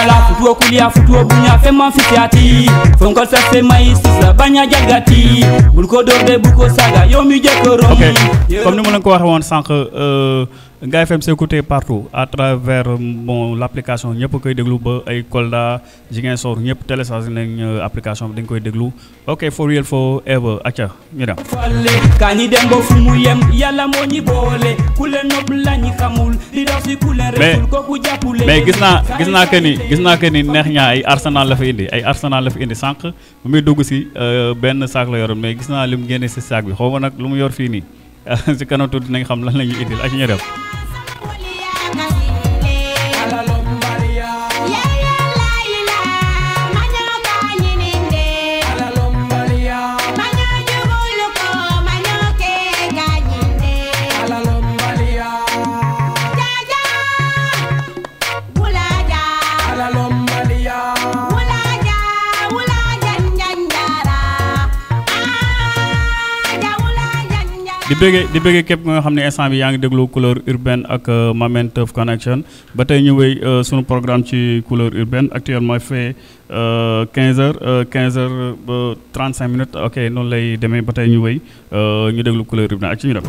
ala futuo kulia futuo bunya fema fitiati fonkol sa fema isisa baña jagati bul ko dorde saga yomi jekorom okay. comme ni ma leen ko waxe woon Ngaye FM c'est écouté partout à travers bon l'application ñep koy déglu ba ay Kolda sor ñep télécharge nañ euh, application dañ koy déglu ok for real for ever acca ñu dem kaa ñi dem ba fu mu yem yàlla moo ñi bolé ku le nopp lañ xamul di dox ci ku le leen ko ku jappulé mais gis naa gis naa que ni gis naa que ni neex ñaa ay Arsenal la fa indi ay Arsenal la fa indi sank mu muy dogu ci euh, benn sac la yoroon mais gis naa li mu génne si bi xaw nak nag lu mu yor fi ni ci kanam tuuti nañ xam lan lañu ñuy ak ñu dem di bëggee di bëggee képp nga xam ne instant bi yaa ngi déglu couleur urbaine ak euh, Mamel Teuf Connection ba tey ñu wëy euh, suñu programme ci couleur urbaine actuellement fait 15 euh, heures 15 heures ba 35 minutes ok noonu lay demee ba tey ñu wéy ñu déglu couleur urbaine ak ci ñu dem.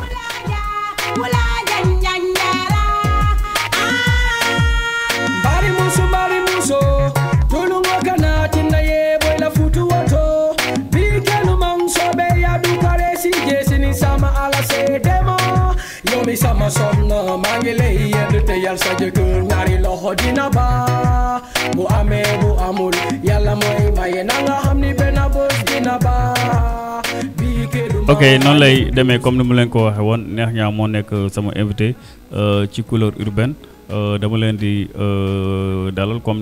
mi sama soxna maa ngi lay yedd te yal sa jëkkër ñaari loxo dina baax bu amee bu amul yàlla mooy maye na xam ni benn bés dina baax ok noonu lay demee comme ni mu leen ko waxee woon Neex Ñaa moo nekk sama invité euh, ci couleur urbaine euh, dama leen di euh, dalal comme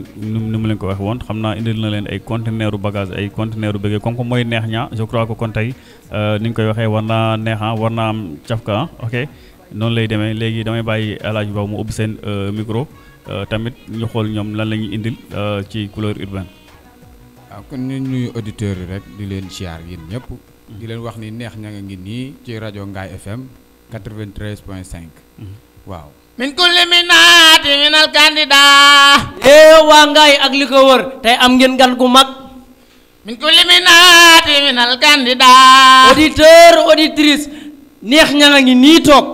nu mu leen ko waxe woon xam naa indil na leen ay conteneur bagage ay conteneur bëggee comme que mooy Neex Ñaa je crois que kon tey ni ñu koy waxee war naa neexa ah, war naa am cafka ah, ok noonu lay demee léegi damay bàyyi El Hadj Ba mu ubbi seen euh, micro euh, tamit ñu xool ñoom lan la ñuy indil euh, ci couleur urbaine. waaw ah, kon ñu nuyu auditeurs yi rek di leen siyaar yéen ñëpp. Mm-hmm. di leen wax ni neex ña nga ngi nii ci rajo Ngaye FM 93 point 5. Mm-hmm. waaw. min kulli minaati minal candidat. eh waa Ngaye ngeen gan mag. min kulli auditrice neex ña ngi nii toog.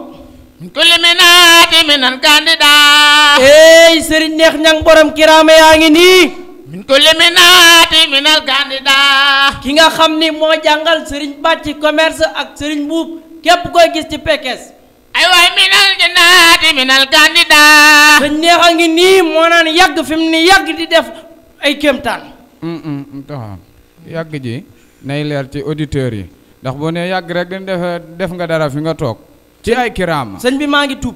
kulli minaati minan candidat ey sëriñ neex ñang borom kiraama yaa ngi nii min kulli minaati ki nga xam ni moo jàngal sëriñ bàcci commerce ak sëriñ buub képp koy gis ci pekes ay waay minal jannaati minal candidat sëñ neex a ngi nii moo naan yàgg fi mu ni yàgg di def ay kéemtaan mm, mm, mm, taxaam yàgg ji nay leer ci auditeurs yi ndax boo nee yàgg rek dañ def def nga dara fi nga toog ci ay kiram señ bi maangi ngi tuub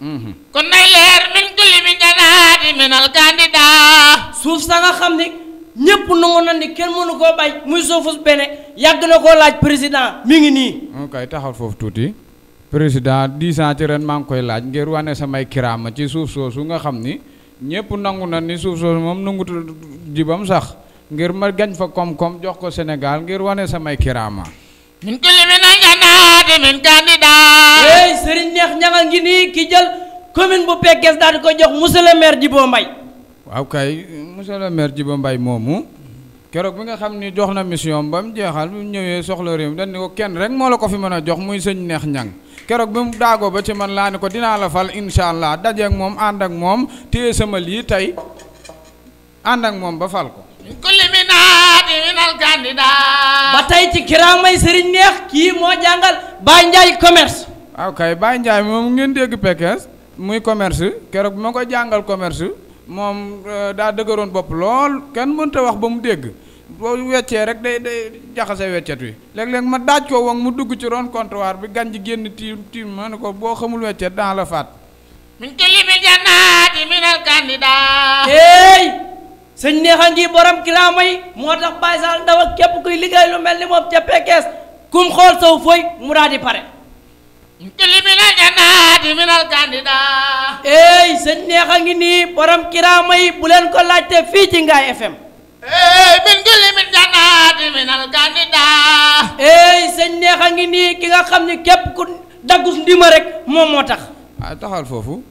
mhm. kon nay leer min kulli min janaati min al candidat suuf sa nga xam ni ñépp nangu na ni kenn mënu koo bay muy suufus bene yàgg na koo laaj président mi ngi nii kay taxaw foofu tuuti président dix ans ci ren maa ngi koy laaj ngir wane samay kiraama ci suuf soosu nga xam ni ñépp nangu na ni suuf soosu moom nangu jibam sax ngir ma gañ fa kom-kom jox ko Sénégal ngir wane samay kirama min kulli min janaati di min candidat ey serigne neex ñanga ngi ni ki jël commune bu pekes daal ko jox monsieur le maire djibo mbay waaw kay monsieur le maire djibo mbay momu kérok bi nga xamni jox na mission bam jéxal bu ñëwé soxla réew dañ ni ko kenn rek mo la ko fi mëna jox muy serigne neex ñang kérok bi mu daago ba ci man la ni ko dina la fal inshallah dajé ak mom and ak mom mom sama li tay and ak mom ba fal ko kulimina di minal candidat ba ci kiramay serigne neex ki mo jangal Baye commerce ok kay Baye ngeen deg Pekes muy commerce keroog bima ko jangal commerce moom euh, daa dëgëroon lol lool kenn mënta wax ba deg bo wéccé rek day day jaxase wéccat wi léeg-léeg ma daaj ko wong mu dugg ci ron comptoir bi ganj genn tim tim man ko bo xamul wéccé daa la fat min jannati min al candidat hey señ neexa borom kilamay motax moo Baye sal ndaw ak kep kuy liggéey lu melni mom ca Pekes kum xool saw fooy mu daal di pare. Kilimina di minal kandida. ey sëñ neex a ngi nii borom kiraama yi bu leen ko laajte fii ci Ngaye FM. ey min kilimina di minal kandida. ey sëñ neex ngi nii ki nga xam ni képp ku daggus ndima rek moom moo tax. ah taxal foofu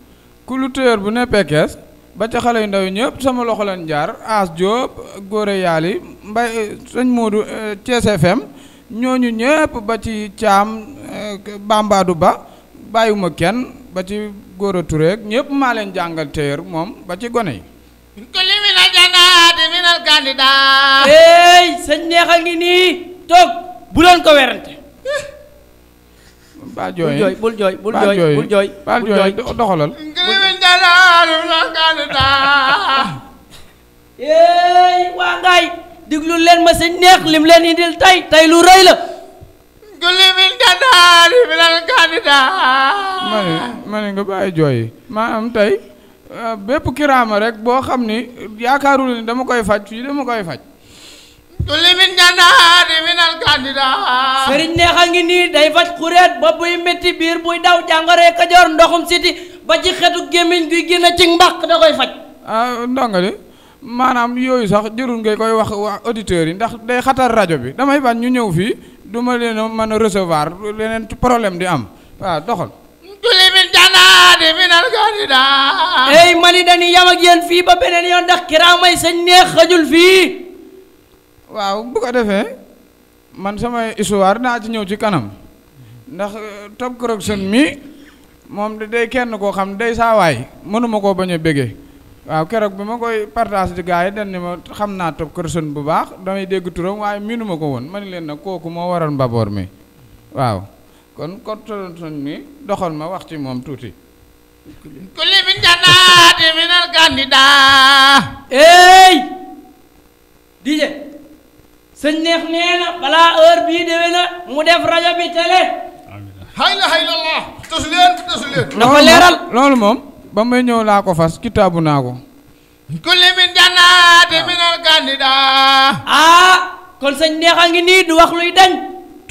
ku lu tëyër bu ne pekkees ba ca xale yu ndaw ñëpp sama loxo leen jaar As job Góore Yaali Mbay sëñ Modou eh, Thiès FM. ñooñu ñëpp ba ci caam eh, bambaadu ba bàyyuma kenn ba ci góor a tureeg ñëpp maa leen jàngal téer moom ba ci gone yi kulli min al jannaati min al kandidaa éey sëñ neexal ngi nii toog bu doon ko werante baa jooy bul jooy bul jooy bul jooy baa jooy doxalal kulli min jannaati min al kandidaa éey waa ngaay diglu leen ma si neex lim leen indil tey tey lu rëy la julli min jadaali min al candidat ma ne ma ne nga bàyyi jooy maanaam tey euh, bépp kiraama rek boo xam ni yaakaarul ni dama koy faj fii dama koy faj julli min jadaali min al candidat sëriñ neexa ngi nii day faj xureet ba buy métti biir buy daw jàngoree kajoor ndoxum siti ba ci xetu gémmiñ guy génn ci mbàq da koy faj ah ndonga de manam yooyu sax jurul ngay koy wax waa auditeurs yi ndax day xatar radio bi damay bañ ñu ñew fi duma leen a recevoir leneen problème di am wa doxal julli min janaadi minal gadida ey mani dani yam ak yeen fi ba benen yoon ndax kiraamay señ neex xajul fi waaw bu ko defé man sama histoire na ci ñew ci kanam ndax eh, Top Corruption mi de day kenn ko xam day saawaay mënuma koo bañ a bégee waaw keroog bi ma koy partage di gars yi dañ ma xam naa Top Person bu baax damay dégg turam waaye miinu ma ko woon ma ne leen nag kooku moo waral mbaboor mi waaw kon Top Person mi doxal ma wax ci moom tuuti kulli min jannaati min al candidat ey dije sëñ neex nee na balaa heure bii déwé na mu def rajo bi télé dafa leeral loolu moom bamay ñew la ko fas kitabu naa ko kulli min min al kanida ah kon señ neexa ngi ni du wax luy dañ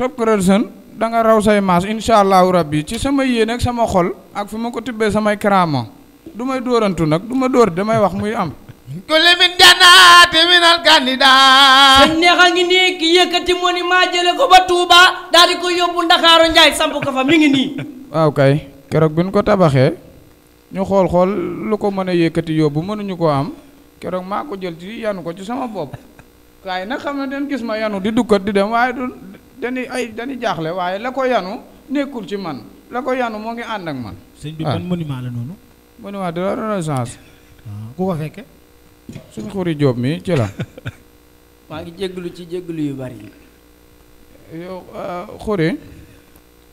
top sen da nga raw say maas inshallah rabbi ci sama yeen ak sama xol ak fuma ko tibbe sama karaama du may dóorantu nag du ma dóor damay wax muy am kulli min min al kanida señ neexa ngi ni ki yëkkati moni ma maa ko ba Touba daal di ko yóbbu Ndakaaru Njaay sampu ko fa mi ngi ni waaw kay kérok buñ ko tabaxé ñu xol xol lu ko mëna yëkëti yobbu mënuñu ko am keroog mako ko jël ci yanu ko ci sama bop kay na xam den gis ma yanu di dukkat di dem waye du dañi ay dañi jaxlé waye la ko yanu nekkul ci man la ko yanu mo ngi and ak man. señ bi ah. ban monument la nonu monument de la renaissance. Ah, ku ko fekke suñu xori job mi ci la. ma ngi jéglu ci jéglu yu bari. yo ah, xori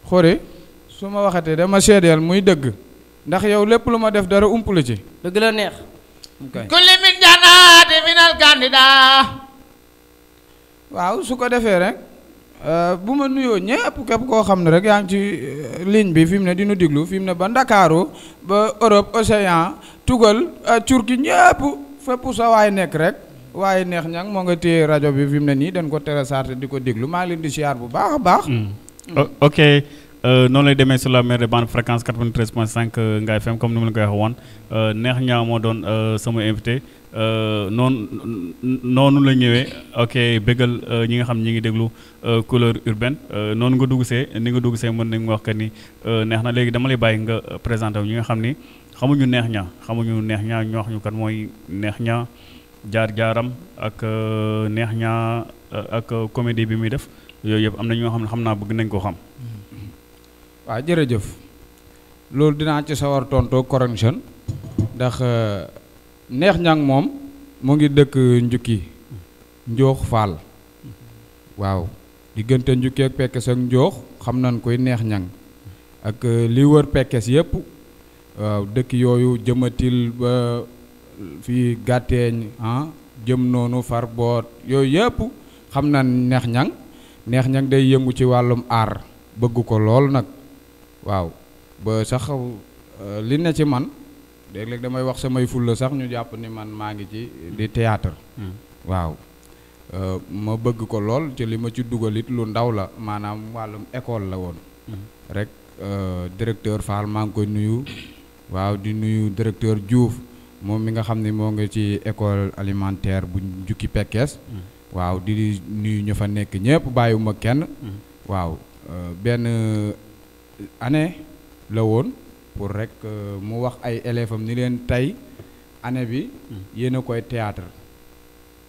xori suma waxate dama sédel muy deug ndax yow lépp lu ma def dara umpule ci dëgg la neex kulli min janaati minal candidat waaw su ko defee rek euh, bu ma nuyoo ñëpp képp koo xam ne rek yaa ngi ci euh, ligne bi fi mu ne di nu diglu fi mu ne ba Ndakaaru ba Europe Océan tugal euh, Turki ñëpp fépp sa waay nekk rek waaye neex ñang moo nga téye rajo bi fi mu ne nii dañ ko tere saarte di ko diglu maa ngi leen di siyaar bu baax a baax mm. ok Euh, noonu lay demee sur la mer de bande fréquence 93.5 euh, Ngaye FM comme ni ma la koy waxee woon euh, neex ñaa moo doon sama invité noonu noonu la ñëwee ok bëggal ñi nga xam ñi ngi déglu couleur urbaine noonu nga dugg see ni nga dugg see mën nañu wax que ni neex na léegi dama bàyyi nga présenté wu ñi nga xam ni xamuñu neex ñaa xamuñu neex ñaa ñu wax ñu kan mooy neex ñaa jaar-jaaram ak neex ñaa ak comédie bi muy def yooyu yëpp am na ñoo xam ne xam naa bëgg nañ koo xam. Mm-hmm. waaw ya, jërëjëf lolou dina ci sawar tonto correction ndax eh, neex ñang mom mo ngi dekk njukki njoox fal waaw diggante njukki ak pekkes ak njox xam nañ koy neex ñang ak eh, li wër pekkes yépp waaw dekk yoyu jëmatil ba fi gatéñ ah jëm nonu far bot yoy yépp xam nañ neex ñang neex ñang day yëngu ci walum ar bëgg ko lool nak waaw ba sax euh, li ne ci man léeg-léeg damay wax samay la sax ñu jàpp ni man maa ngi ci di théâtre hmm. waaw euh, ma bëgg ko lool ci li ma ci dugalit lu ndaw la maanaam wàllum école la woon hmm. rek euh, directeur Fall maa ngi koy nuyu waaw di nuyu directeur Diouf moom mi nga xam ne moo ngi ci école alimentaire bu jukki pekkees hmm. waaw di nuyu ñu fa nekk ñëpp bàyyiwuma kenn waaw benn année la woon pour rek euh, mu wax ay élèves ni leen tey année bi yéen koy théâtre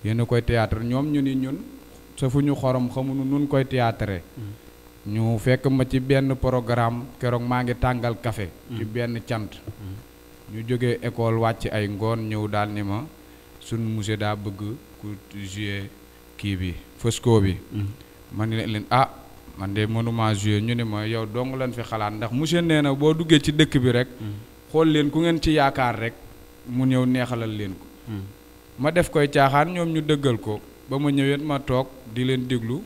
yéen koy théâtre ñoom ñu ni ñun safuñu xorom xamuñu nun koy théâtre mm. ñu fekk ma ci benn programme keroog maa ngi tàngal kafe mm. ci benn cant mm. ñu jógee école wàcc ay ngoon ñëw daal ni ma suñ monsieur daa bëgg ku jouer kii bi fësko bi ma ni leen ah man de mënuma joué ñu ne ma yow dong lañ fi xalaat ndax monsieur nee na boo duggee ci dëkk bi rek hmm. xool leen ku ngeen ci yaakaar rek mu ñëw neexalal leen ko hmm. ma def koy caaxaan ñoom ñu dëggal ko ba ma ñëwet ma toog di leen déglu hmm.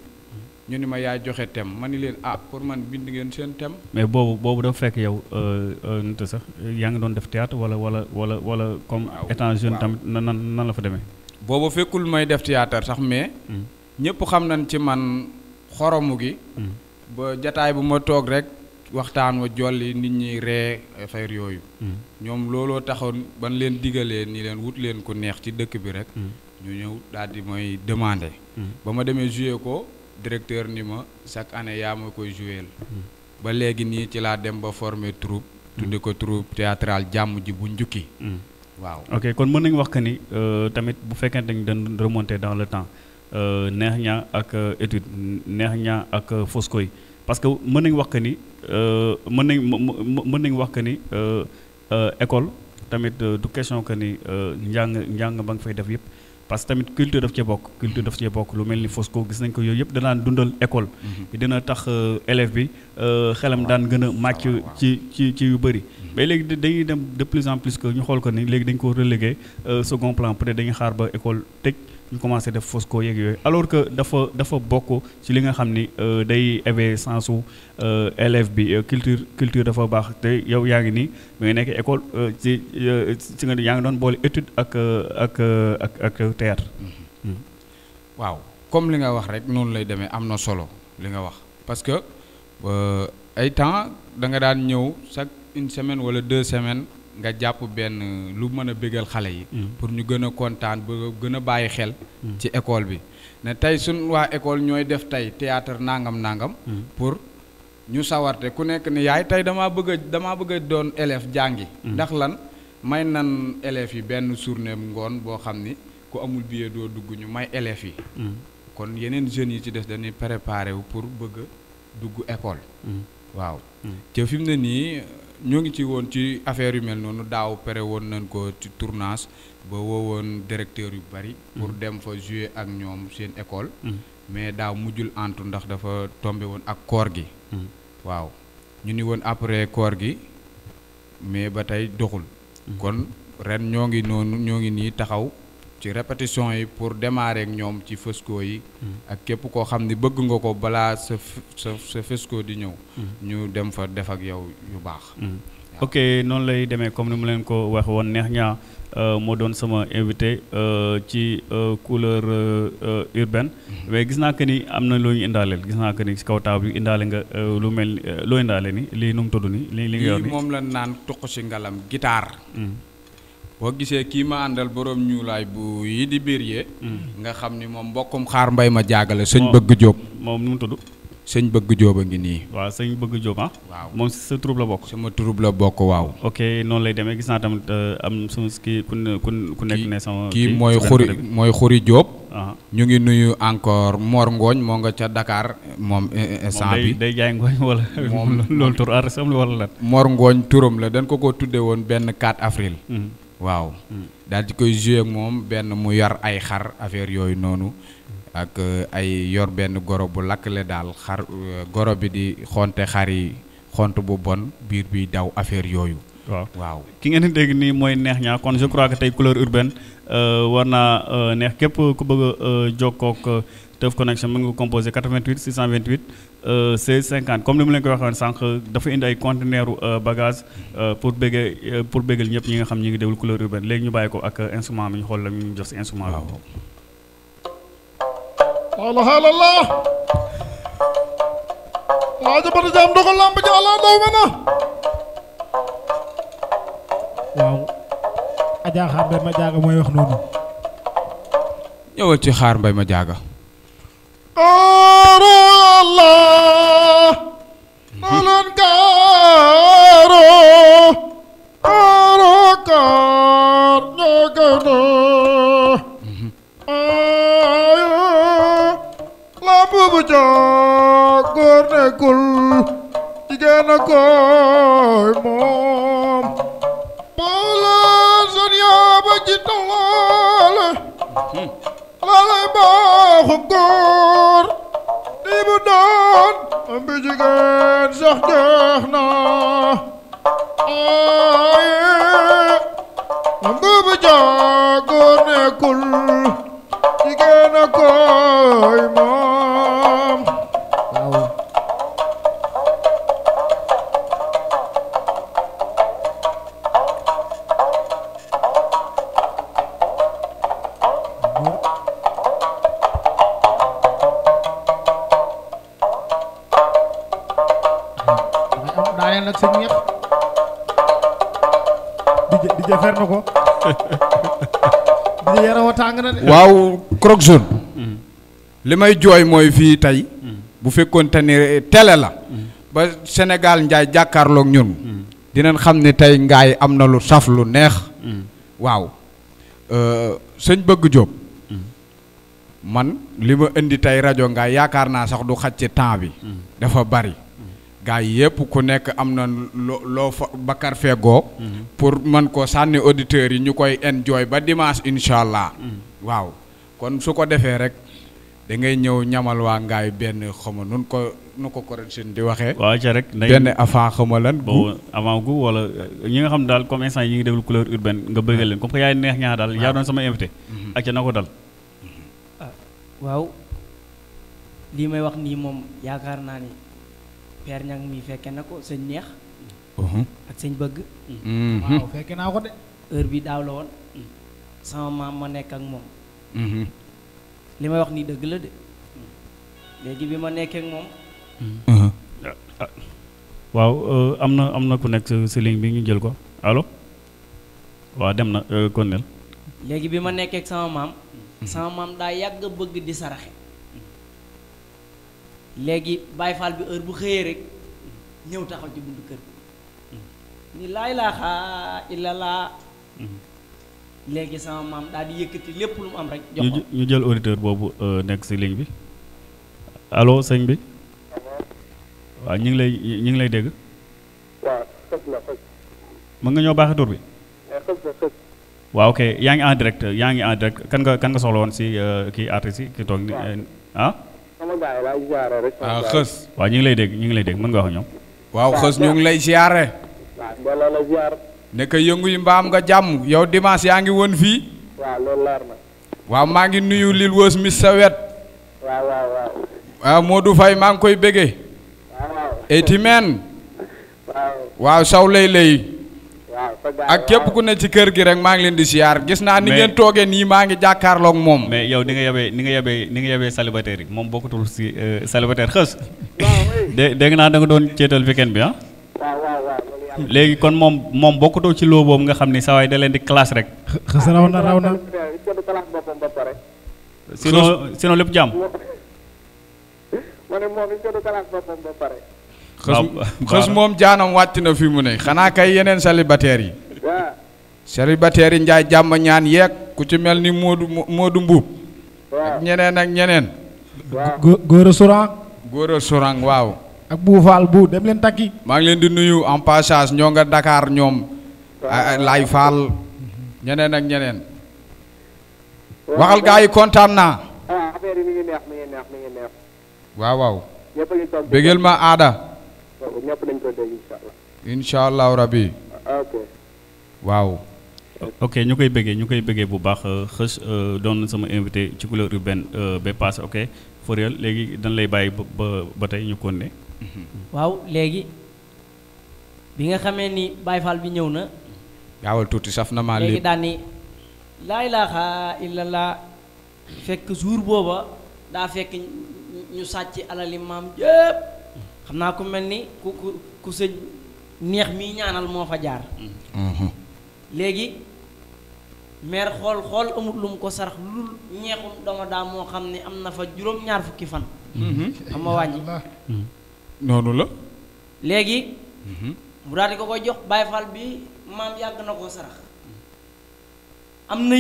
ñu ni ma yaa joxe thème ma ni leen ah pour man bind ngeen seen thème. mais boobu boobu dafa fekk yow euh, euh, nit sax yaa ngi doon def théâtre wala wala wala wala comme ah, étant jeune tamit nan nan la fa demee. boobu fekkul may def théâtre sax mais. xoromu gi hmm. ba jataay bu ma toog rek waxtaan wa jolli nit ñi ree affaire yooyu hmm. ñoom looloo taxoon ban leen diggalee ni leen wut leen ku neex ci dëkk bi rek hmm. ñu ñëw daal di may demandé ba ma demee joué ko directeur ni ma chaque année yaa ma koy jouéel ba léegi nii ci laa dem ba former troupe tudde ko troupe théâtrale jàmm ji bu njukki waaw ok kon mën nañu wax que ni euh, tamit bu fekkente ni dañ remonté dans le temps Euh, neex ñaa ak euh, étude neex ñaa ak euh, Foscoy parce que mën nañu wax que ni mën nañ mën nañu wax que ni école tamit du question que ni njang njàng ba nga fay def yëpp parce que tamit culture daf cee bokk culture daf cee bokk lu mel ni Fosco gis nañ ko yooyu yëpp danaan dundal école mm-hmm. dina tax élève bi xelam daan gën a màcc ci ci ci yu bëri mm-hmm. mais léegi dañuy dem de plus en plus que ñu xool ko ni léegi dañ ko relégué second plan peut-être dañuy xaar ba école tëj ñu commencé def fosco yeeg yooyu alors que dafa dafa bokk ci li nga xam ni euh, day éveiller sensu euh, élève bi euh, culture culture dafa baax te yow yaa ngi nii ba nga nekk école ci ci nga yaa ngi doon boole étude ak ak ak ak théâtre mm-hmm. Mm-hmm. waaw comme li nga wax rek noonu lay demee am na solo li nga wax parce que ay temps da nga daan ñëw chaque une semaine wala deux semaines nga jàpp benn lu mën a bégal xale yi. Mm. pour ñu gën a kontaan ba gën a bàyyi xel. Mm. ci école bi na tey suñ waa école ñooy def tey théâtre nangam nangam. Mm. pour ñu sawarte ku nekk ni yaay tey damaa bëgg damaa bëgg a doon élève jàngi. ndax lan may nan élèves yi benn journée ngoon boo xam ni ku amul billet doo dugg ñu may élèves yi. kon yeneen jeunes yi ci des dañuy préparé wu pour bëgg dugg école. waaw te fi nii. ñoo ngi ci woon ci affaire yu mel noonu daaw pare woon nañ ko ci tournage ba woowoon directeur yu bari. pour mm-hmm. dem fa jouer ak ñoom seen école. Mm-hmm. mais daaw mujjul antu ndax dafa tombe woon ak koor gi. Mm-hmm. waaw ñu ni woon après koor gi mais ba tey doxul. kon ren ñoo ngi noonu ñoo ngi nii taxaw. ci répétition yi pour démarrer ak ñoom ci fësko yi. Mm-hmm. ak képp koo xam ni bëgg nga ko balaa sa sa di ñëw. Mm-hmm. ñu dem fa def ak yow yu baax. Mm-hmm. ok noonu lay demee comme ni mu leen ko wax woon neex ñaa euh, moo doon sama invité euh, ci euh, couleur urbaine mais gis naa que ni am na loo ñu indaaleel gis naa que ni si kaw table bi indaale nga lu mel loo indaale ni lii nu mu tudd nii. li li nga yor moom la naan tuq si ngalam guitare. bo gisé ki ma andal borom ñuulaay bu yi di biir yee. Hmm. nga xamni mom bokkum xaar mbay ma jaagale. señ bëgg job mom ñu tuddu señ bëgg job nga ni wa señ bëgg job ah. mom ci sa trouble la bokk. sama trouble la bokk waaw. ok non lay démé gis euh, na tam am sama kii ku ku nek né sama. ki moy xuri moy xuri job ñu ngi nuyu encore Mor Ngooñ mo nga ca Dakar mom eh, eh, instant bi day jaay ngooñ wala moom loolu tur sam wala lan. Mor Ngooñ turum la dañ ko ko tuddé won ben 4 avril. Hmm. waaw daal di koy joué moom benn mu yor ay xar affaire yooyu noonu ak euh, ay yor benn goro bu lakk le daal xar euh, goro bi di xonte xar yi xont bu bon biir bi daw affaire yooyu waaw waaw ki ngeen di dégg nii mooy neex ñaa kon je crois que tey couleur urbaine euh, war naa neex képp ku bëgg a jokkook Teuf Connection mën nga composé 88 628 Euh, seize cinquante comme ni mu leen koy waxee woon sànq dafa indi ay conteneur euh, bagage euh, pour béggee pour béggal ñëpp ñi nga xam ñi ngi déglu couleur urbaine léegi ñu bàyyi ko ak instrument mi ñu xool la ñu jox si instrument bi alahalallah waa ma na waaw ajaa xaar mbay ma jaaga mooy wax noonu ñëwal ci xaar mbay ma jaaga Kaaru Allah malan kaaru moom malan yaaba ji talaale lale baa baaxu góor di mu doon bi jigéen sax jeex na aaye mbuubu jaa góor nekkul jigéen a koy tàng waaw Croc mm-hmm. li may jooy mooy fii tey. Mm-hmm. bu fekkoonte ne tele la. Mm-hmm. ba Sénégal njaay jàkkaarlook ñun. dinañ xam ne tey ngaay am na lu saf lu neex. waaw euh, sëñ Bëgg Jóob man li ma indi tey rajo ngaay yaakaar naa sax du xaj ci temps bi. dafa bari. gaa yi ku nekk am na loo loo fa bakkar feggoo pour man ko sànni auditeurs yi ñu koy enjoy ba dimanche incha allah. waaw kon su ko defee rek da ngay ñëw ñamal waa ngaay benn xama nun ko nu ko correction di waxee. waaw ca rek benn avant xama lan. gu avant gu wala ñi nga xam daal comme instant yi ñu ngi déglu couleur urbaine nga bëggal leen comme que yaay neex ñaa daal yaa doon sama invité. Mhm. ak ca na ko dal. Ah, waaw lii may wax nii moom yaakaar naa ni. Père Niang mi fekke na ko sëñ neex mhm. ak sëñ bëgg mhm. waaw fekke naa ko de heure bi daaw la woon sama maam ma nekk ak moom mhm. li may wax nii dëgg la de léegi bi ma nekkee ak moom waaw euh, am na am na ku nekk si ligne bi ñu jël ko allo waaw dem na kon euh, léegi bi ma nekkee ak sama maam sama maam daa yàgg bëgg di saraxe léegi Baay Faal bi heure bu xëyee rek ñëw taxaw ci buntu kër ni laa ilaaha illallah léegi sama maam daal di yëkkati lépp lu mu am rek. jox ko ñu jël auditeur boobu euh, nekk si ligne bi allo sëñ bi. waa ñu ngi lay ñu ngi lay dégg. waaw mën nga ñoo baaxee tur bi. Eh, waaw ok yaa ngi en direct yaa ngi en direct kan nga kan nga soxla woon si euh, kii artiste yi ki toog ni euh, ah. waaw xës waaw ñu ngi lay dégg ñu ngi lay dégg mën nga wax ñoom. waaw xës ñu ngi lay siyaare. nekk yëngu yi mbaam nga jàmm yow dimanche yaa ngi woon fii. waaw loolu leer na. waaw maa ngi nuyu lil wës mi sa wet. waaw waaw waaw. waaw Modou Faye maa ngi koy bége. waaw. etimeen. waaw saw lay lay. ak képp ku ne ci kër gi rek maa ngi leen di siyaar gis naa ni ngeen toogee nii maa ngi jàkkaarloog moom mais yow ni nga yebee ni nga yebee ni nga yebee célibataire yi moom bokkutul si euh, célibataire xës dé dégg naa da nga doon ceetal weekend bi ah léegi kon moom moom bokkutoo ci loo boobu nga xam ni saa waay da leen di classe rek xës raw na raw na sinon sinon lépp jàmm ma ne moom it du classe boppam ba pare xës moom jaanam wàcc na fi mu ne xanaa kay yeneen célibataire yi célibataire yi njaay jàmm ñaan yeeg ku ci mel ni Moodu Moodu Mbuub ak ñeneen ak ñeneen góor a góor a waaw ak bu faal bu dem leen takki maa ngi leen di nuyu en passage ñoo nga dakaar ñoom lay faal ñeneen ak ñeneen waxal gaa yi kontaan naa ah, waaw waaw bégal ma aada waaw ñëpp allah. incha allahu ah, ok. waaw. ok ñu koy bëggee ñu koy bëggee bu baax xës euh, doon na sama invité ci couleur urbaine euh, ba paase ok Forial léegi dañ lay bàyyi ba ba tey ñu konne waaw léegi bi nga xamee ni Baye Fall bi ñëw na. gaawal tuuti saf na maa léegi daan ni laa ilaaha illallah fekk jour booba daa fekk ñu sàcc alali maam yëpp. xam naa ku ni ku ku ku sëñ neex mii ñaanal moo fa jaar mm. mhm. léegi meer xool xool amul lu mu ko sarax lu dul ñeexum dama daa moo xam ne am na fa juróom-ñaar fukki fan mhm. xam ma wàññi mm. la léegi mhm. mu daal di ko koy jox Baay Faal bi maam yàgg na sarax am na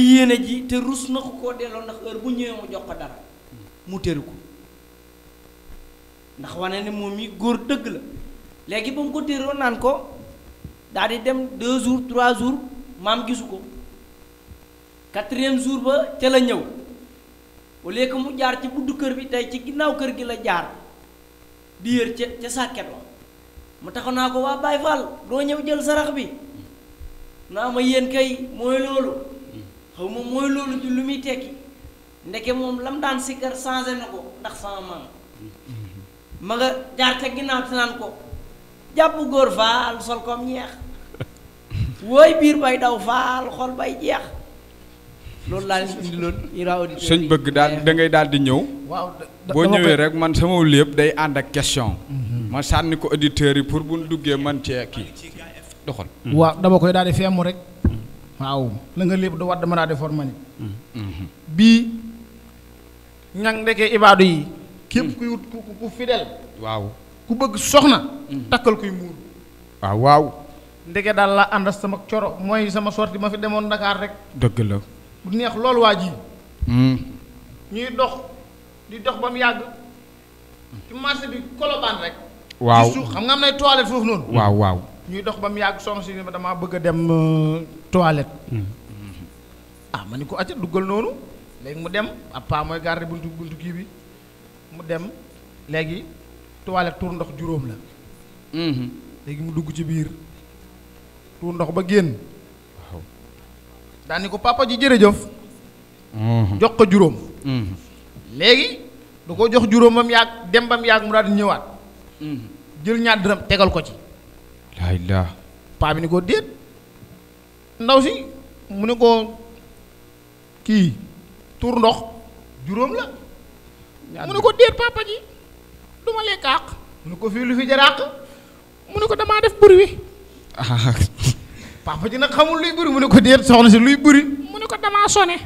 ji te rus na ko koo ndax heure bu mu jox ko dara mm. mu ndax wane ne moom mi góor dëgg la léegi ba mu ko téeroon naan ko daal di dem deux jours trois jours maam gisu ko quatrième jours ba ca la ñëw au lieu mu jaar ci buddu kër bi tey ci ginnaaw kër gi la jaar di yër ca sàkket la mu taxaw naa ko waa Baye Fall doo ñëw jël sarax bi naa ma yéen kay mooy loolu xaw ma mooy loolu ci lu muy tekki ndeke moom lam daan si kër changé na ko ndax sama maam ma nga jaar ca ginnaaw te naan ko jàpp góor faal sol kom ñeex wooy biir bay daw faal xol bay jeex loolu bëgg daal da ngay daal di ñëw. waaw boo ñëwee rek man sama lépp day ànd ak question. Mhm. ma sànni ko auditeurs yi pour bu duggee man cee kii doxal. Mhm. waaw dama koy daal di feemu rek. waaw la nga lépp du war dama daal di formali. bii. ña nga ibaadu yi. kep hmm. kuy wut ku fidel waaw ku bëgg soxna hmm. takal kuy mur waaw waaw ndege dal la and sama coro moy sama sorti ma fi demon Dakar rek deug la bu neex lol waji hmm ñuy dox di dox bam yag ci marché bi koloban rek waaw suuf xam nga am nay toilette fofu non waaw waaw ñuy dox bam yag soxna ci ma bëgg dem euh, toilette hmm. ah maniko acca duggal nonu leg mu dem apa moy garde buntu buntu ki bi mu dem legi toilette tour ndox juróom la mm-hmm. legi mu dugg ci biir tour ndox ba génn waaw ko papa ji hmm jox ko hmm legi du ko jox juróom bam dem bam yàgg mu daal di hmm jël ñaar dëram tegal ko ci la ilaha pa bi ni ko deet ndaw si mu ne ko kii tour ndox juróom la mu ne ko déet papa ji du ma lekk àq mu ne ko fii def buri wi papa ji nag xamul luy buri mu ne ko déet soxna si luy buri mu ne ko damaa sone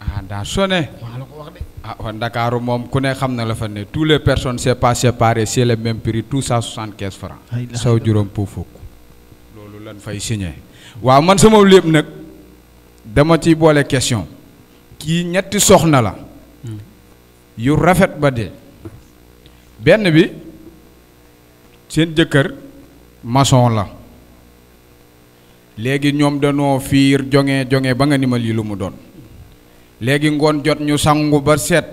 ah, daa sone maa ah wa Ndakaaru moom ku ne xam na la fa ne tous les personnes c'est pas séparé c'est le même prix tout ça soixante-quinze francs saw juróom pour fukk loolu lan fay signé waa man sama lépp nag dama ci boole question kii ñetti soxna la yu rafet ba dee benn bi seen jëkkër mason la léegi ñoom danoo fiir jonge jonge ba nga ni ma lii lu mu doon léegi ngoon jot ñu sangu ba set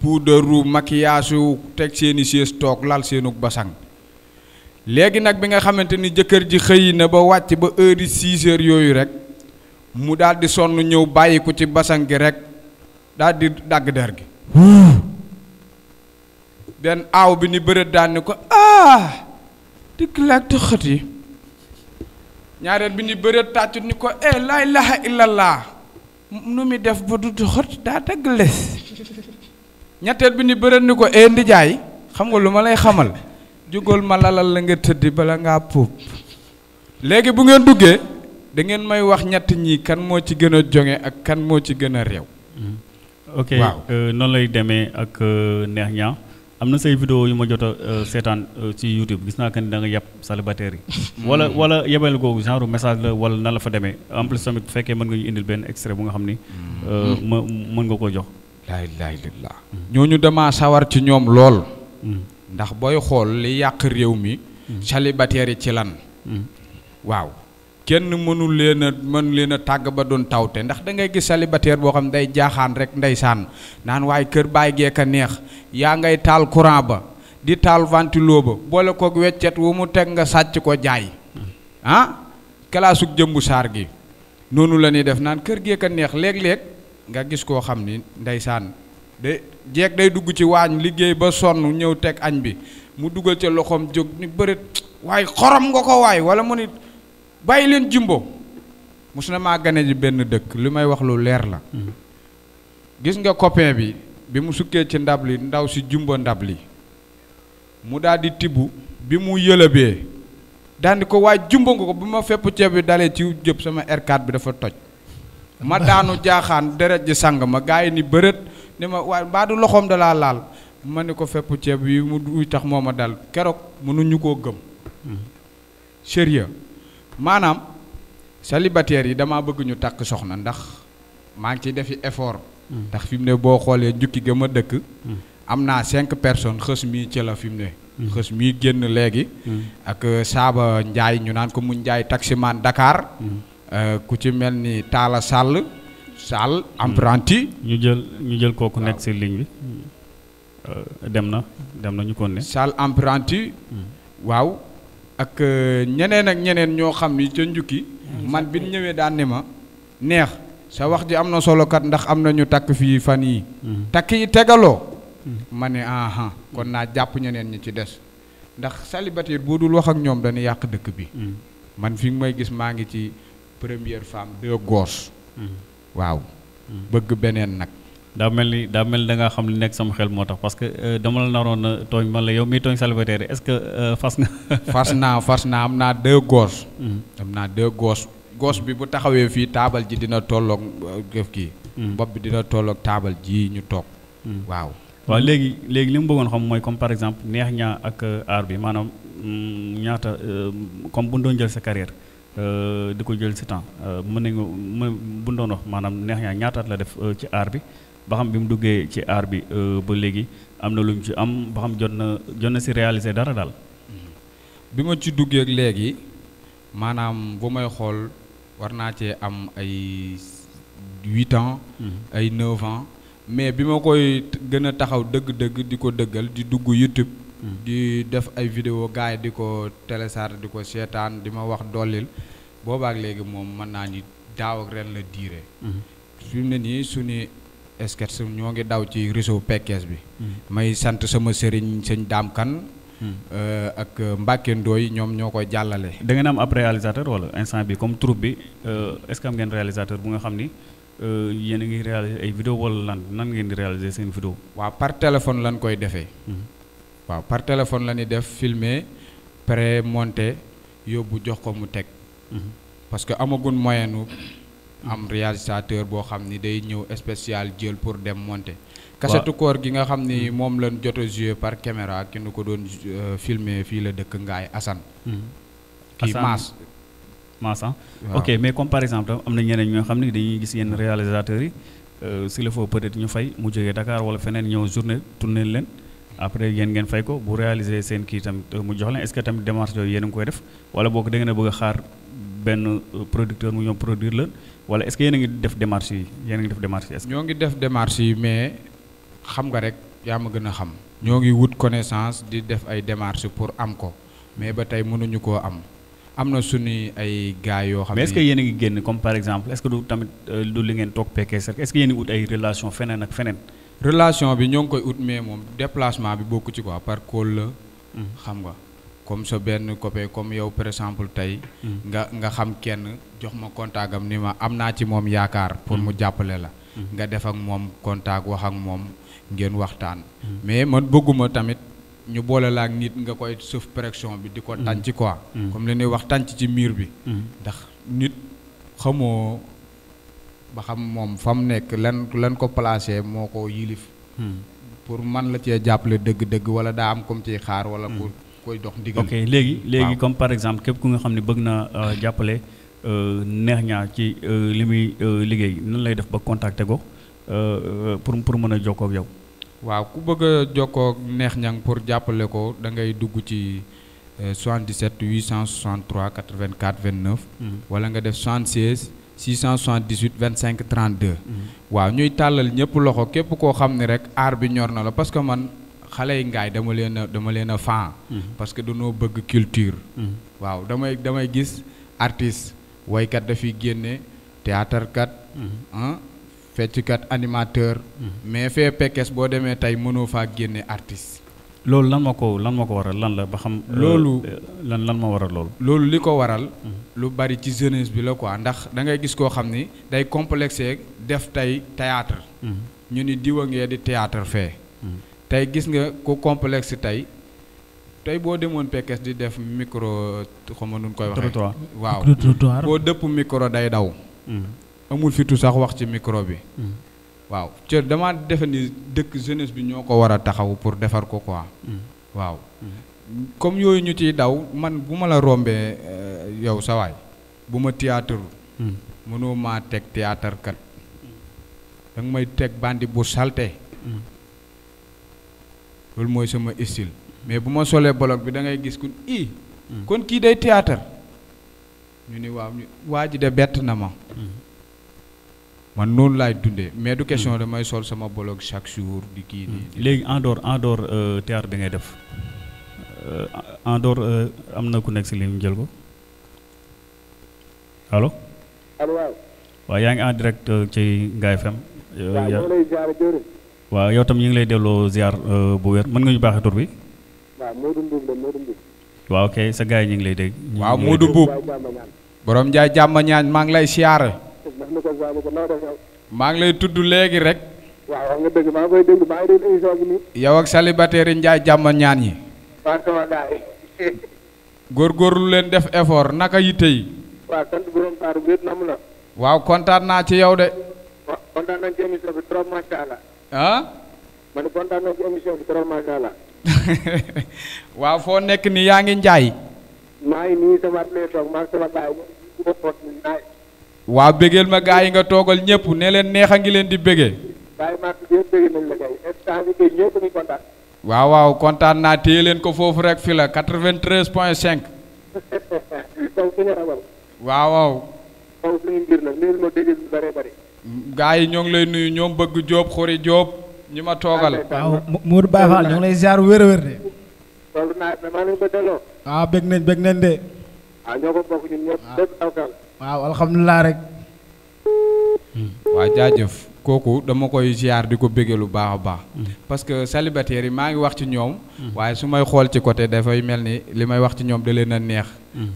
puudaru maquillage teg seeni sées toog lal seenug basang léegi nag bi nga xamante ni jëkkër ji xëy na ba wàcc ba heure yi yooyu rek mu daldi di sonn ñëw bàyyi ci basang gi rekk daldi di der gi benn aw bi ni bërët daan ni ko ah dikk laak te xët yi ñaareel bi ni bërët tàccut ni ko eh laa ilaha illallah nu mi def ba du xët daa dagg les ñetteel bi ni bërët ni ko eh ndijaay xam nga lu ma lay xamal jógal ma lalal la nga tëddi bala ngaa puub léegi bu ngeen duggee dangeen may wax ñett ñi kan moo ci gën a joŋe ak kan moo ci gën a réew mm-hmm. ok euh, noonu lay demee ak euh, neex ñaa am na say vidéo yu ma jot a euh, seetaan ci YouTube gis naa que ni da nga yàpp célibataire yi. wala wala yebal googu genre message la wala na la fa demee en plus tamit fekkee mën nga ñu indil benn extrait bu nga xam ni. Hmm. Hmm. ma mën nga ko jox. laa ilaaha illallaah hmm. ñooñu dama sawar ci ñoom lool. ndax booy xool li yàq réew mi. célibataire yi ci lan. waaw. kenn mënul leen a mën leen a tàgg ba doon tawte ndax da ngay gis célibataire boo xam day jaaxaan rek ndeysaan naan waaye kër bàyyi gee ka neex yaa ngay taal courant ba di taal ventilo ba boole koog weccet wu mu teg nga sàcc ko jaay ah kalaasug jëmbu saar gi noonu la ñuy def naan kër gee ka neex léeg-léeg nga gis koo xam ni ndeysaan de jeeg day dugg ci waañ liggéey ba sonn ñëw teg añ bi mu dugal ca loxom jóg ni bërit waaye xorom nga ko waay wala mu nit bàyyi leen jumbo mos na maa gane ji benn dëkk li may wax lu leer la mm-hmm. gis nga copain bi bi mu sukkee ci ndab li ndaw si jumbo ndab li mu daldi di tibb bi mu yëlëbee daandi ko waaye jumbo nga ko bi ma fepp ceeb bi dalee ci jëpp sama r bi dafa toj ma daanu jaaxaan deret ji sàng ma gars ni bërët ni ma waaye mbaa du loxoom dalaa laal ma ne ko fepp ceeb bi mu duy tax moo ma dal keroog mënuñu koo gëm mm-hmm. sérieux maanaam célibataire yi damaa bëgg ñu takk soxna ndax maa ngi ciy defi effort. Hmm. ndax fi mu ne boo xoolee njukki ga ma dëkk. Hmm. am naa cinq personnes xës mii ci la fi mu ne. Hmm. xës mii génn léegi. ak euh, Saaba Njaay ñu naan ko mu Njaay taximaan Dakar. Euh, ku ci mel ni Talla Sall. Sall apprenti. ñu jël ñu jël kooku nekk si ligne bi. Euh, dem na dem na ñu ko ne. Sall apprenti. waaw. ak euh, ñeneen ak ñeneen ñoo xam ni ca njukki man bi ñëwee daan ne ma neex sa wax ji am na solo kat ndax am na ñu takk fii fan yi mm-hmm. takk yi tegaloo ma ne aha kon naa jàpp ñeneen ñi ci des ndax célibataire bu dul wax ak ñoom dañu yàq dëkk bi mm-hmm. man fi may gis maa ngi ci première femme de gauche mm-hmm. waaw bëgg beneen nag daa mel ni daa mel ni da ngaa xam li nekk sama xel moo tax parce que euh, dama la naroon tooñ man la yow miy tooñ célibataire est-ce que euh, fas nga. fas naa fas naa am naa deux gosses. Mm-hmm. am naa deux gosses. gosse bi bu taxawee fii taabal ji dina tolloog euh, def gi mbopp mm-hmm. bi dina tollook taabal ji ñu toog. Mm-hmm. waaw waaw léegi léegi li mu bëggoon xam mooy comme par exemple neex ñaa ak aar bi maanaam mm, ñaata comme bu doon jël sa carrière. di ko jël si temps mën nañu mën bu wax maanaam neex ñaa ñaataat la def ci aar bi. ba bi mu duggee ci aar bi euh, ba léegi am na lu mu ci am ba xam jot na jot na si réaliser dara daal. bi ma ci duggee léegi maanaam bu may xool war naa cee am ay huit ans. Mhm. ay neuf ans mais bi ma koy gën a taxaw dëgg-dëgg di ko dëggal di dugg YouTube. Mhm. di def ay vidéo gars di ko télécharger di ko seetaan di ma wax dollil boobaak léegi moom mën naa ni daaw ak ren la diire. Mhm. fi ne nii suñu sketch ñoo ngi daw ci réseau Pekes bi. Hmm. may sant sama sëriñ sëñ Daam Kan hmm. euh, ak Mbacke Ndoye ñoom ñoo koy jàllale. da ngeen am ab réalisateur wala instant bi comme troupe bi euh, est-ce que am ngeen réalisateur bu nga xam ni euh, yéen a ngi réaliser ay vidéo wala lan nan ngeen di réaliser seen vidéo. waaw par téléphone lan koy defee. Hmm. waaw par téléphone la def filmer pré monter yóbbu jox ko mu teg. parce que amagun am réalisateur boo xam ni day ñëw spécial jël pour dem monter. kasetu koor gi nga xam ni moom lañ jot a joué par caméra kenn nu ko doon euh, filmer fii la dëkk Ngaay Assane. Hmm. kii Maas Maas ah. ok mais comme par exemple am na ñeneen ñoo xam ne dañuy gis yenn réalisateurs yi euh, si le faut peut-être ñu fay mu jógee Dakar wala feneen ñëw journée tourné leen. après yéen ngeen fay ko bu réaliser seen kii tamit mu jox leen est-ce que tamit démarche yooyu yéen koy def wala benn euh, producteur mu ñoom produir la wala est-ce que yéen a ngi def démarche yi yéen a ngi def démarche yi. ñoo ngi def démarche yi mais xam nga rek yaa ma gën a xam. ñoo ngi wut connaissance di def ay démarche pour am ko mais ba tey mënuñu koo am am na suñu ay gars yoo. xam ne est-ce que yéen a ngi génn comme par exemple est-ce que du tamit euh, du li ngeen toog pekkee sax est-ce que yéen a ngi wut ay relation feneen ak feneen. relation bi ñoo ngi koy ut mais moom déplacement bi bokku ci quoi par call la. Hmm. xam nga. comme sa benn copain comme yow par exemple tey. Hmm. nga nga xam kenn jox ma contact am ni ma am naa ci moom yaakaar. pour hmm. mu jàppale la. Hmm. nga def ak moom contact wax ak moom ngeen waxtaan. mais man bëgguma tamit ñu boole la ak nit nga koy sëf prection bi. di ko tànc quoi. comme li ñuy wax tànc ci miir bi. ndax nit xamoo ba xam moom fa mu nekk lan lan ko placé moo ko yilif. pour man la cee jàppale dëgg-dëgg wala daa am comme ciy xaar wala. koy dox ndigal. ok léegi léegi comme par exemple képp ku nga xam ne bëgg na euh, jàppale euh, neex ñaa ci euh, li muy liggéey nan lay def ba contacter ko pour pour mën a jokkoo ak yow. waaw ku bëgg a jokkoo neex ñang pour jàppale ko da ngay dugg ci 77 863 84 29. wala nga def 76 678 25 32. waaw ñuy tàllal ñëpp loxo képp koo xam ne rek aar bi ñor na la parce man. xalé yi ngaay dama leena dama leena a fan mhm. parce que dañoo bëgg culture mhm. waaw damay damay gis artiste da fi génne théâtre kat ah mhm. kat animateur mais fee pekkes bo démé tay mëno fa génne artiste loolu lan mako lan mako waral lan la ba xam euh, loolu euh, lan lan ma waral loolu loolu liko waral lu bari ci jeunesse bi la quoi ndax da ngay gis ko xamni day complexé def tay théâtre ñu ni diwa ngey di théâtre fait tey gis nga ku complexe tey tey boo demoon pekes di def micro xam nga nu koy waxee waaw boo dëpp micro day daw mm. amul fitu sax wax ci micro bi mm. waaw ci dama defe ni dëkk jeunesse bi ñoo ko war a taxaw pour defar ko quoi mm. waaw comme yooyu ñu ciy daw man bu ma la rombee euh, yow sa bu ma théâtre mënoo maa teg théâtre kat danga may teg bandi bu salte loolu mooy sama style mais bu ma solee bolog bi da ngay gis ku i kon kii day théâtre ñu ni waaw waa ji de bett na ma man noonu laay dundee mais du question damay sol sama bolog chaque jour di kii nii léegi en dehors en dehors euh, théâtre bi ngay def euh, en euh, am na ku nekk si ligne jël ko allo allo waaw waaw yaa ngi en direct ci Ngaye FM waaw yow tam ñu ngi lay delloo ziar bu wér mën nga ñu baaxee tur bi waaw Modou Mboub la Modou Mboub waaw ok sa gaay ñu ngi lay dégg waaw Modou Mboub borom jaay jàmm ñaan maa ngi lay siyaar maa ngi lay tudd léegi rek waaw nga dégg maa koy dégg maa ngi doon émission bi nii yow ak salibataire célibataire njaay jàmm ñaan ñi waaw sama gaay góorgóorlu leen def effort naka yitte yi waaw sant borom taaru wéet nam la waaw kontaan naa ci yow de kontaan nañ ci émission bi trop macha allah ah. waaw foo nekk ni yaa ngi njaay. maa ngi nii sama atelier ma ko waaw bëggeel ma gars yi nga toogal ñëpp ne leen neex a ngi leen di bëggee. waaye kontaan. waaw waaw kontaan naa téye leen ko foofu rek fi la 93 point 5. donc su ñu waaw waaw. gaa yi ñoo ngi lay nuyu ñoom bëgg Jóob xuri Jóob ñi ma toogal. Ah, waaw Mour Baye Fall ñoo ngi lay ziar wér wér de. waaw ah, bëgg nañ bëgg nañ de. Ah, waaw ñoo rek. Hmm. waa jaajëf kooku dama koy ziar di ko bëggee lu baax a baax. Hmm. parce que célibataires yi maa ngi wax ci ñoom. Hmm. waaye su may xool ci côté dafay mel ni li may wax ci ñoom da leen a neex.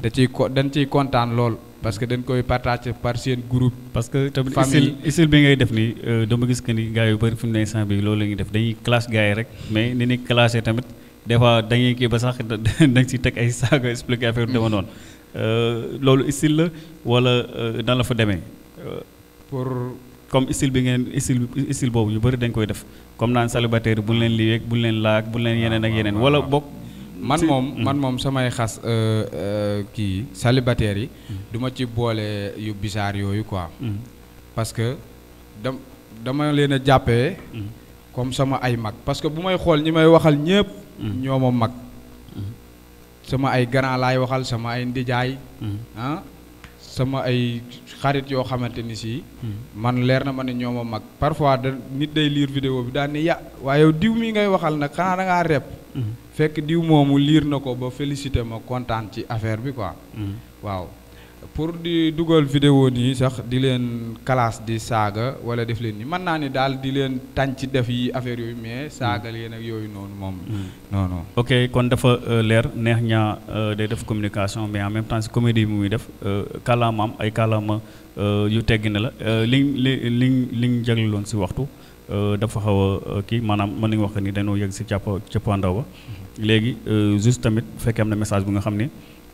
da ciy ko dañ ciy kontaan lool. parce que dañ koy partager par seen parce que tamit isil isil bi ngay def nii euh, dama gis que ni gars yu bëri fi mu ne instant bi loolu la def dañuy classe gars rek mais ni ñuy classé tamit des fois dañuy kii ba sax dañ si teg ay saaga expliqué affaire dama mm. noonu euh, loolu isil la wala dan euh, la fa demee. pour comme isil bi ngeen isil isil boobu ñu bari dañ koy def comme naan célibataire bu leen lii rek bu leen laag bu leen ah, yeneen ak yeneen wala bokk. man mom mm. man mom samay euh, euh ki célibataires yi mm. du duma ci bolé yu bizarre yoyu quoi mm. parce que dam dama leen a jàppee comme sama ay mag parce que bu may xol ñi may waxal ñepp ñoo mag sama ay grand lay waxal sama ay ndijaay ah sama ay xarit yoo xamante ni si man leer na man ne ñoo ma mag parfois nit day lire vidéo bi da ne ya waaye diw mi ngay waxal nag da rep fekk diw moomu lire na ko ba félicité ma kontaan ci affaire bi quoi. Mhm. waaw pour di dugal vidéo ni sax di leen classe di saaga wala def leen ni mën naa ni daal di leen ci def yi affaire yooyu mais mhm. saaga leen ak yooyu noonu moom. Mhm. non non. ok kon dafa euh, leer neex ñaa euh, day def communication mais en même temps si comédie bi muy def euh, kàllaamaam ay kàllaama yu teggi na la liñ liñ liñ jagleloon si waxtu. dafa xaw a kii maanaam mën nañu wax que ni dañoo yëg si càpp cëppandaw ba léegi euh, juste tamit bu fekkee am na message bu nga xam ne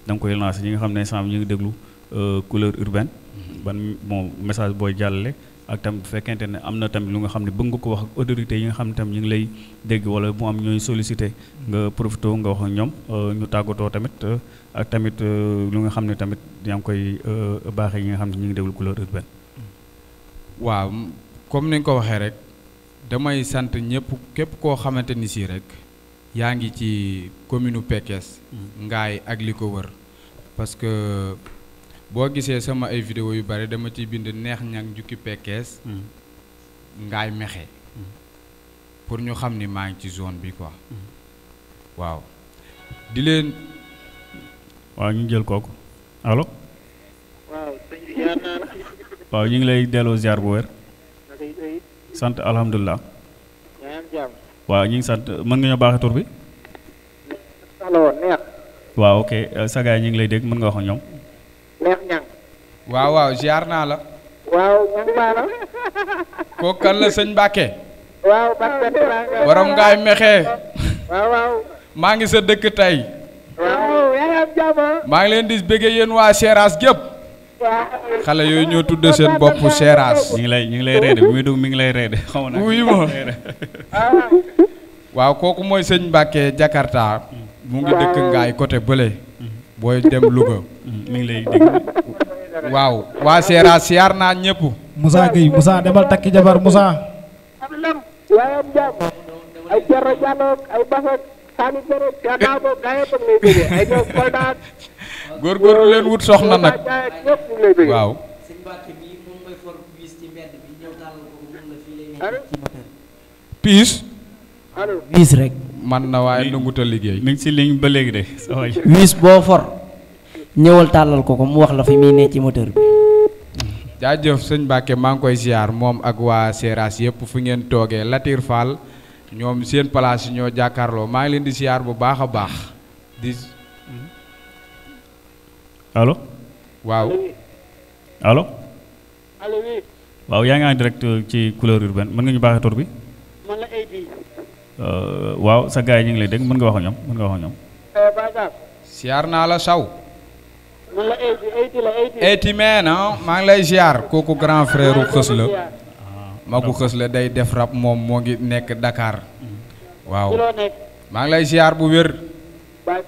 da nga koy lancé ñi nga xam ne sànq ñu ngi déglu euh, couleur urbaine ban bon message booy jàllale ak tam bu fekkente ne am na tamit lu nga xam ne bëgg nga ko wax ak autorité yi nga xam ne tam ñu ngi lay dégg wala mu am ñooy sollicité nga profité nga wax ak ñoom euh, ñu tàggatoo tamit ak tamit lu nga xam ne tamit yaa ngi koy baaxee yi nga xam ne ñu ngi déglu couleur urbaine waaw comme ni nga ko waxee rek damay sant ñëpp képp koo xamante ni si rek yaa ngi ci commune u ngaay ak li ko wër parce que boo gisee sama ay vidéo yu bari dama ciy bind neex ñang jukki Pekes ngaay mexe pour ñu xam ni maa ngi ci zone bi quoi waaw di leen waaw ñu jël kooku alo waaw ñu ngi lay delloo ziar bu wér sant alhamdulilah. waaw ñu ngi sant mën nga ñoo baaxee tur bi. waaw ok euh, sa gaay ñu ngi lay dégg mën nga wax ak ñoom. waaw waaw ziar naa la. waaw kooku kan la sëñ Mbacke. waaw waram ngaay maa ngi sa dëkk tey. maa ngi leen di béggee yéen waa Seras gépp xale yooyu ñoo tudd seen bopp séeraas. ñu ngi lay ñu ngi lay reede bu muy dugg mi ngi lay reede xaw na wuyu waaw kooku mooy sëñ Mbàkke Jakarta mu ngi dëkk ngaay côté bële booy dem Louga. waaw waa séeraas siyaar naa ñëpp. Moussa Gueye Moussa demal takki jabar Moussa. góorgóorlu leen wut soxna nag waaw. piis. wiis rek. man na waaye nanguta liggéey. mi ngi si ligne ba léegi de. wiis boo for. ñëwal tàllal ko ko mu wax la fi muy ne ci moteur bi. jaajëf sëñ Mbacke maa ngi koy siyaar moom ak waa Seras yëpp fu ngeen toogee latiir Fall ñoom seen place ñoo jàkkaarloo maa ngi leen di siyaar bu baax a baax di. allo. waaw. allo. waaw yaa ngi en direct ci couleur urbaine mën nga ñu baaxee tur bi. man euh, waaw sa gars yi ñu ngi lay dégg mën nga wax ak ñoom nga wax ak euh, siyaar naa la saw man la ah, maa ngi lay siyaar kooku grand frère u xës la. Ah, maa xës la day def rab moom moo ngi nekk Dakar. Mhm. waaw maa ngi lay siyaar bu wér. waaye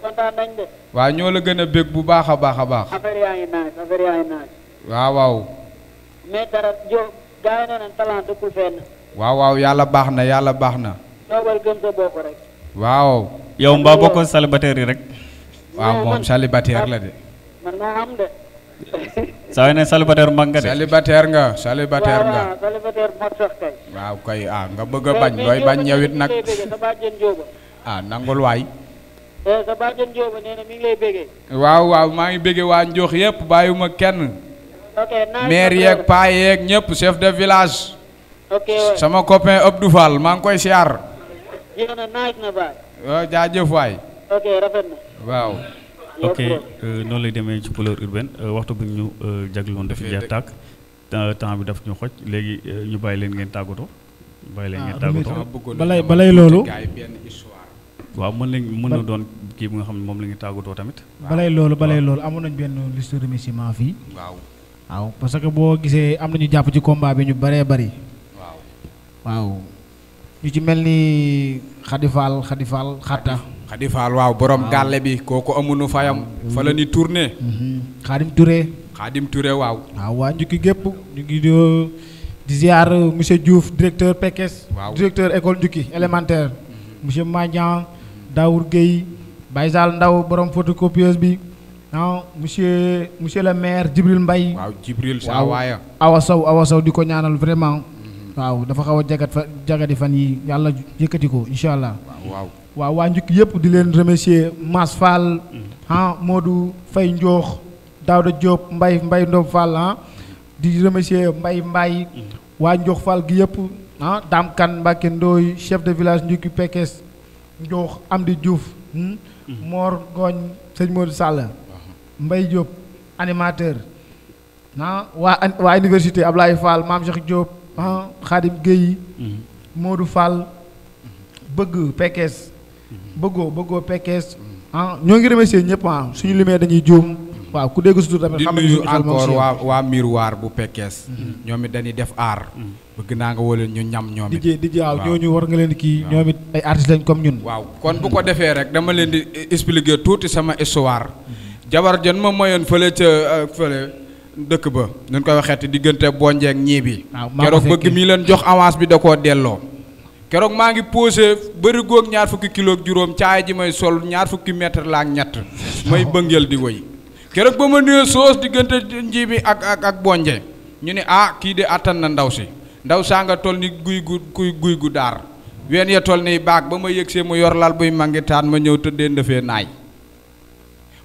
waaw ñoo la gën a bég bu baax a baax a baax. affaire waaw waaw. yàlla baax na yàlla baax na. waaw. yow mbaa bokkoon célibataire yi rek. waaw moom célibataire la de. man maa am de. ne célibataire mag nga de. célibataire nga célibataire nga. waaw célibataire mag nga bëgg a bañ. looy bañ ñëwit nag. ah nangul waay. Eh, waaw waaw maa ngi béggee waa Njoox yëpp ma kenn. ok maire yeeg paa yeeg ñëpp chef de village. ok sama copain Abdou Fall maa ngi koy siyaar. jéem a naaj oh, waay. ok euh, noonu lay demee ci couleur urbaine euh, waxtu bi ñu jagloon dafi jeex tàkk temps bi daf ñu xoj léegi euh, ñu bàyyi leen ngeen tàggatoo. bàyyi leen ngeen ah, tàggatoo balay balay loolu. waaw mën lañ mën na doon kii bu nga xam ne moom la ñu tàggatoo tamit. balay loolu balay loolu amoon nañ benn liste remerciement fii. waaw waaw parce que boo gisee am nañu jàpp ci combat bi ñu baree bari. waaw waaw. ñu ci mel ni xadifaal Khata. xatta. waaw borom gàlle bi kooku amunu fayam. fa la ni tourné. Mhm. Khadim Touré. Khadim Touré waaw. waaw waa ki gépp ñu ngi di ziar monsieur Diouf directeur Pekes. waaw directeur école njukki élémentaire. Mhm. monsieur Madian. Daour Gueye Baysal Ndaw borom photocopieuse bi Non, ah, monsieur monsieur le maire Djibril Mbaye waaw Djibril sa waaya Awa Sow Awa Sow di ko ñaanal vraiment waaw dafa xaw a jagat fa jagati fan yi yàlla yëkkati ko incha allah waaw waaw waa njukki yëpp di leen remercier Mas Fall ah Modou Faye Ndiox Daouda Diop Mbaye Mbaye Ndom Fall ah di remercier Mbaye Mbaye mm-hmm. waa Ndiox Fall gi yëpp ah Damkan, Kane chef de village njukki Pekes Njuux Amdi juuf hmm? hmm. Mor Ngooñ sëñ Modou Sall. Mbaye Diop animateur. ah waa waa université Ablaye Fall Maam Cheikh Diop ah Khadim Gueye. Hmm. Modou Fall. bëgg Pekes. bëggoo bëggoo Pekes. ñoo ngi remercier ñëpp ah suñu limee dañuy juum. waaw ku dégg sutur tamit xam nañu encore waa waa miroir bu pekkees mm-hmm. ñoom it dañuy def aar mm-hmm. bëgg naa nga woo leen ñu ñam ñoom it dijee dijee waaw ñooñu war nga leen kii ñoom it ay artistes lañ comme ñun waaw kon bu ko defee rek dama leen di expliquer tuuti sama histoire mm-hmm. jabar jon ma mayoon fële ca euh, fële dëkk ba nuñ koy waxeeti diggante bonjeeg ñii bi keroog bëgg mi leen jox avance bi da koo delloo keroog maa ngi posé bëri ñaar fukki kilo juróom caay ji may sol ñaar fukki mètre la ak ñett may bëngeel di woy kérok bama nuyo nuyoo soos diggante njibi ak ak ak bonje ñu ne ah ki dé atan na ndaw si ndaw sa nga tol ni guy gu kuy guy gu dar wén ya tol ni baak bama yexé mu yor lal buy mangi taan ma ñëw tuddé ndëfee naay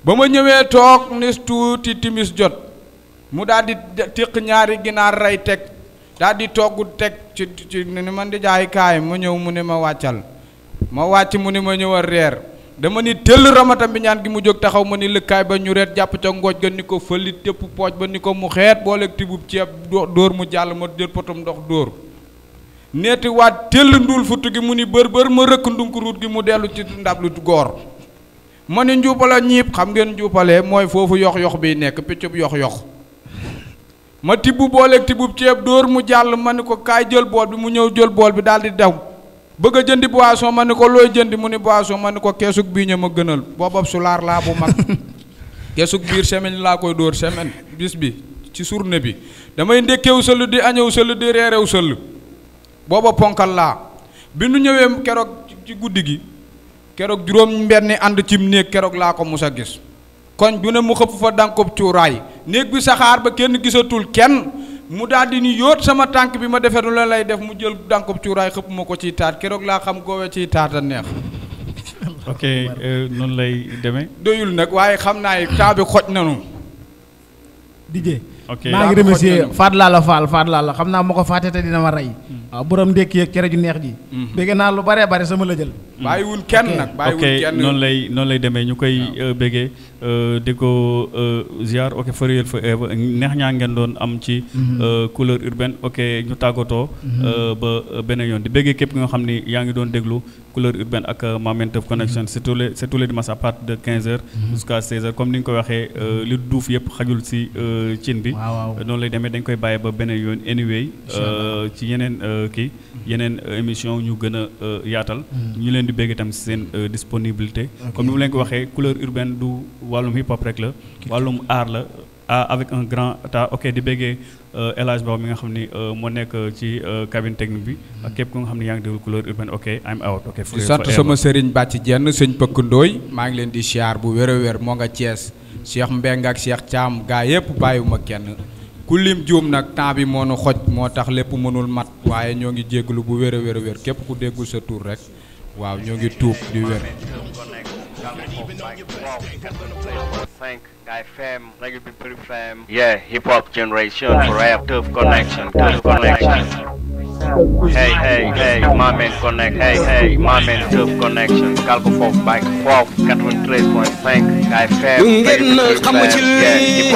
bama ñëwé tok nis timis jot mu daal di tiq ñaari ginaar ray tek daal di togg tek ci ci ni man di jaay kaay mu ñëw mu ne ma wàccal ma wàcc mu ne ma reer dama ne tell ramatam bi ñaan gi mu jóg taxaw ma ni lëkkaay ba ñu reet jàpp ca ngooj ga ni ko fëlit tëpp pooj ba ni ko mu xeet booleeg tibub ceeb dóor mu jàll ma jël potum dóor neeti waat tell ndul futt gi mu ni bër bër ma rëkk ndunkuruut gi mu dellu ci ndab lu ma ni njuupala ñiib xam ngeen njuupale mooy foofu yox-yox biy nekk piccub yox-yox ma tibb booleeg tibub ceeb dóor mu jàll ma ni ko kaay jël bool bi mu ñëw jël bool bi daal di daw bëgg a jëndi boisson ma ni ko looy jëndi mu ni boisson ma ni ko keesug bii ñë ma gënal boobab sulaar laar laa bu mag keesug biir semaine laa koy dóor semaine bis bi ci surne bi damay ndékkeew sëll di añëw sëll di reerew sëll booba ponkal laa bi nu ñëwee keroog ci guddi gi keroog juróom benni ànd cim néeg keroog laa ko mus a gis koñ ju ne mu xëpp fa dànkob cuuraay néeg bi saxaar ba kenn gisatul kenn mu daal di ni yóot sama tànk bi ma defee nu la lay def mu jël dànkub cuuraay xëpp ma ko ciy taat keroog laa xam goowee ciy taat a neex. ok euh, noonu lay deme doyul nag waaye xam naa temps bi xoj nanu DJ maa ngi remercier faat laa la faal faat laa la xam naa ma ko faatee te dina ma rey. Hmm. waaw borom ndékki ak cere ju neex ji. Hmm. bëgg naa lu baree bare sama la jël. Hmm. bàyyiwul kenn nag bàyyiwul kenn noonu lay noonu lay demee ñu koy euh, bëggee. Euh, di ko euh, ziar ok fëriyel fa neex ñaa ngeen doon am ci mhm. euh, couleur urbaine ok ñu tàggatoo mhm. ba beneen yoon di béggee képp nga xam ni yaa ngi doon déglu couleur urbaine ak Mamel Teuf connection mhm. c'est tous les c'est tous les dimanches à partir de 15h jusqu'à 16 comme ni nga ko waxee li duuf yëpp xajul si cin bi noonu lay demee dañ koy bàyyi ba beneen yoon anyway ci yeneen kii yeneen émission ñu gën a yaatal ñu leen di béggee tam seen disponibilité comme ni mu leen ko waxee wàllum hip hop rek la wàllum aar la avec un grand ta ok di béggee euh, El Hadj mi nga xam ni euh, moo nekk ci euh, cabine technique bi mm-hmm. ak képp ku nga xam ni yaa ngi déglu couleur urbaine ok I'm out ok di sant sama sëriñ bàcc jenn sëñ pëkk ndooy maa ngi leen di siyaar bu wér a wér moo nga Thiès Cheikh Mbeng ak Cheikh Thiam gaa yëpp ma kenn ku lim juum nag temps bi moo nu xoj moo tax lépp mënul mat waaye ñoo ngi jégalu bu wér a wér wér képp ku déggul sa tur rek waaw ñoo ngi tuub di wér thank Guy Fam, Legacy Pretty Fam. Yeah, hip hop generation forever. Tough connection, tough connection. Hey, hey, hey, my man connect. Hey, hey, my man tough connection. Calco Pop, Bike Pop, Catherine Trace Point. Thank Guy Fam. Legacy Fam. Yeah, hip hop.